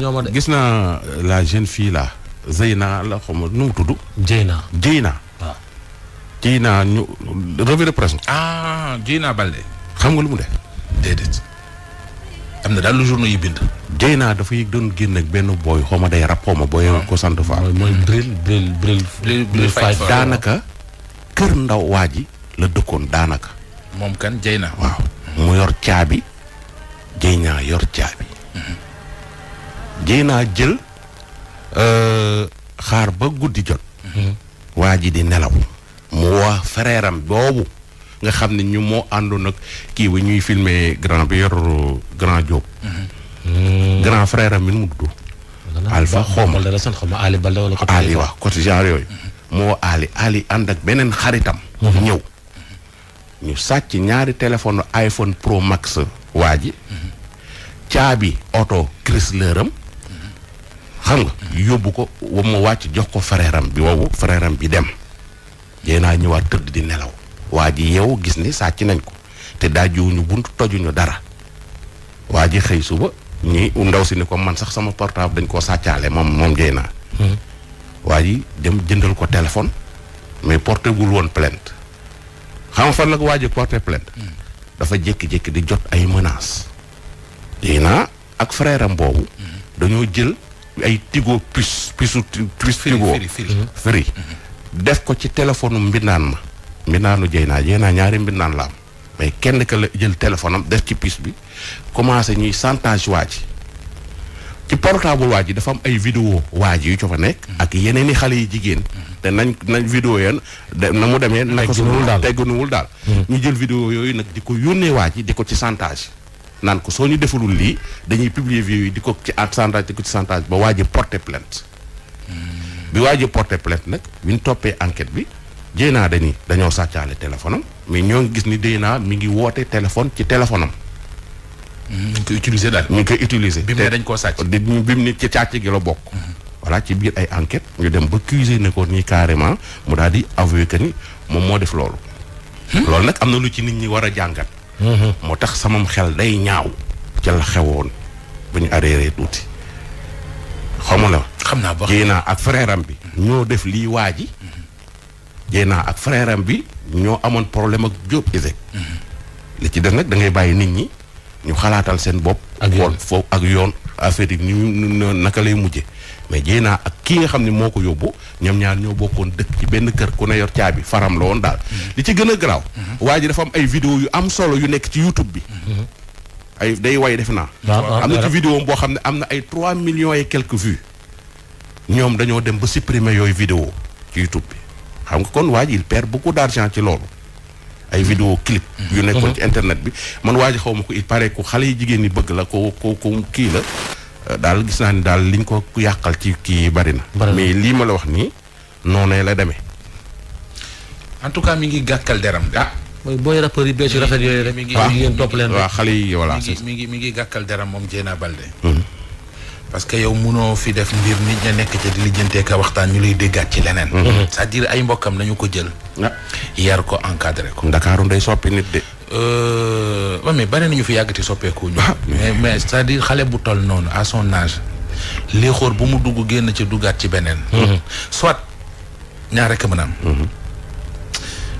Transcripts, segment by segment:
ñoo gis naa euh, la jeune fille là Zeyna la xaw ma nu mu tudd. Jeyna Jeyna. waaw Jeyna ñu revue de presse. ah Jeyna Balde. xam nga lu mu de déedéet am daal lu journaux yi bind. naa dafa yëg doon génn ak benn booy xaw day rap ma booy ah. ko sant Faal. mooy mooy Bril Bril Bril. Bril daanaka kër ndaw waa ji la dëkkoon daanaka. moom kan Jeyna. waaw mu yor caabi Jeyna yor caabi. Mhm. jii naa jël euh, xaar ba guddi jot. Mhm. waa ji di nelaw. mu wax frère boobu nga xam ne ñu moo àndoon ak kii bi ñuy filmer grand bi yor euh, grand Diop. Mhm. grand frère am bi mu dudd. Alpha xawma Ali Balde wala Ali waaw mhm. ànd ak beneen xaritam. ñëw ñu sàcc ñaari téléphone iPhone Pro Max waa ji. caabi oto Chrysler xam nga yóbbu ko mu wàcc jox ko frèram bi wowu frèram bi dem yéen naa ñëwaat tëdd di nelaw waa ji yeewu gis ni sàcc nañ ko te daajuwuñu bunt tojuñu dara waa ji xëy suba ñi ndaw si ni ko man sax sama portable dañ koo sàccaale moom moom jey naa hmm. waa ji dem jëndal ko téléphone mais porté gul woon plaint xam nga fan nag ko waa ji porté plainte hmm. dafa jékki-jékki di jot ay mënaas jey naa ak freeram boobu hmm. dañoo jël ay tigo plus plusu plus tigo fri mm-hmm. mm-hmm. def ko ci téléphone mbindaan ma mbindaanu jëy naa jëy naa ñaari mbindaan la mais kenn ka jël téléphone am def ci puce bi commencé ñuy chantage waa ci portable waa ji dafa am ay vidéo waa ji yu co nekk mm-hmm. ak yeneen i xale yi jigéen te nañ nañ vidéo yeen na mu demee naka su tegganuwul daal ñu jël vidéo yooyu nag di ko yónnee waa yi di ko ci chantage naan ko soo ñu defalul lii dañuy publier vidéo yi di ko ci chantage di ko ci chantage ba waa ji porté plainte hmm. bi waa porte porté nag bi ñu toppee enquête bi Dieyna dañuy dañoo sàccaale téléphone am mais ñoo gis ni Dieyna mi ngi woote téléphone ci téléphone am. ñu hmm, koy utiliser daal. ñu ngi koy utiliser. bi mu ne dañ koo sàcc. di bi mu ne ci càcc gi la bokk. Hmm. voilà ci biir ay enquête ñu dem ba cuisé ne ko nii carrément mu daal di avoué que ni moom moo def loolu. loolu nag am na lu ci nit ñi war a jàngat. moo tax sama xel day ñaaw ca la xewoon bu ñu arrêté tuuti xamu la xam naa ba jéenaa ak frère bi ñoo def lii waa ji jéenaa ak frère bi ñoo amoon problème ak Diop Iseg li ci def nag da ngay bàyyi nit ñi ñu xalaatal seen bopp xool foofu ak yoon affaire yi ni naka lay mujje mais jéynaa ak kii nga xam ne moo ko yóbbu ñoom ñaar ñoo bokkoon dëkk ci benn kër ku ne yor caabi faram la woon daal mm-hmm. li ci gën a garaaw mm-hmm. waa ji am ay vidéo yu am solo yu nekk ci YouTube bi mm-hmm. ay day defe naa ah, ah, am na ci ah. boo xam ne am na ay trois millions et ñoom dañoo dem ba supprimer yooyu vidéo ci bi xam nga kon waa ji il perd beaucoup d'argent ci loolu ay vidéo clip yu nekkoon ci internet bi man waa ji xaw ma ko il pare ku xale yi jigéen ñi bëgg la ko ko ko kii la daal gis naa ni daal liñ ko yàqal ci kii bari na. mais lii ma la wax nii noonee la demee. en tout cas mi ngi gàkkal deram ah. mooy booy rappeurs yi bees rafet yooyu rek. mi ngi ngeen topp leen waaw xale yi voilà. mi ngi mi ngi mi ngi gàkkal deram moom Dieyna Baldé. Mhm. parce que yow munoo fi def mbir nit ña nekk ca di lijjantee ka waxtaan ñu lay déggaat ci leneen. Mhm. sa à ay mbokkam nañu ko jël. Ah. yar ko encadré ko. Ndakaaru ndey soppi nit de. waaw euh, mais bari nañu fi yàgg te soppeeku ñu. Ah, mais mais cest à xale bu toll noonu à son âge. bu mu dugg génn ci duggaat ci beneen. Mm-hmm. soit ñaar rek mën mm-hmm.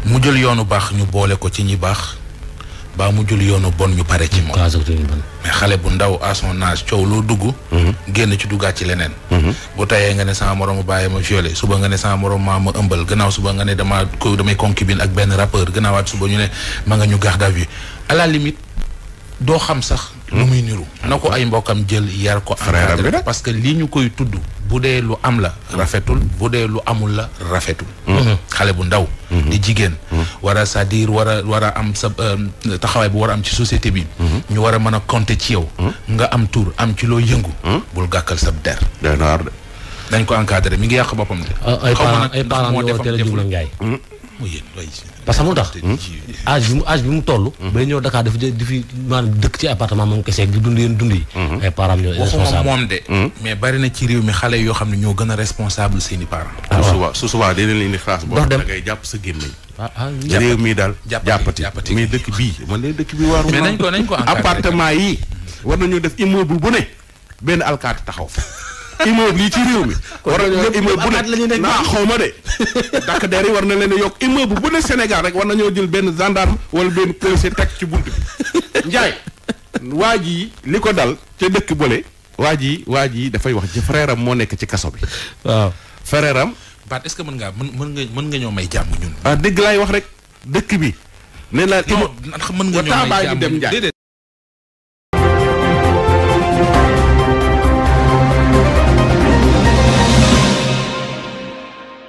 mu jël yoonu baax ñu boole ko ci ñi baax. baa mu jul yoonu bon ñu pare ci moom mais xale bu ndaw à son âge coow loo dugg mhm. génn ci duggaat ci leneen mhm. bu tayee nga ne sama moroom bàyyi ma violé suba nga ne sama moroom maa ma ëmbal gannaaw suba nga ne dama ko damay concubine ak benn rappeur gannaawaat suba ñu ne ma nga ñu garde à vue à la doo xam sax lu muy niru mhm. na ko ay mbokkam jël yar ko encadré parce que lii ñu koy tudd bu dee lu am la rafetul bu dee lu amul la rafetul mm-hmm. xale bu ndaw mm-hmm. di jigéen mm-hmm. war a cest à war a war a am sa euh, taxawaay bu war am ci société bi ñu war a mën a compter ci yow nga am tur am ci loo yëngu bul gàkkal sab der dañ ko encadré mi ngi yàq boppam de ay parents yoo teel a jóg na parce que amul tax hmm? âge bi mu âge bi mu toll hmm. bay ñëw Dakar dafa di fi maanaam dëkk ci appartement moom kese di dund yéen dund yi hmm. ay parents ñoo responsable moom de mais bari na ci réew mi xale yoo xam ne ñoo gën a responsable seeni parents souvent ah, su souvent dina leen di xalaas boo da ngay jàpp sa gémmiñ ah, ah, réew mi daal jàppati jàppati mais bii man de dëkk bi waaru nañ ko nañ ko appartement yi war nañoo def immeuble bu ne benn alkaati taxaw fa immeuble yi ci réew mi. war nañoo immeuble bu ne naa xaw ma de. dakk der yi war na leen a yokk immeuble bu ne Sénégal rek war nañoo jël benn gendarme wala benn policier teg ci bunt bi. Ndiaye waa ji li ko dal ca dëkk boole. waa ji waa ji dafay wax ci frère am moo nekk ci kaso bi. waaw frère am. Baat est mën ngaa mën mën nga mën nga ñoo may jàmm ñun. ah dëgg laay wax rek dëkk bi. nee naa non mën nga ñoo may jàmm dem Ndiaye.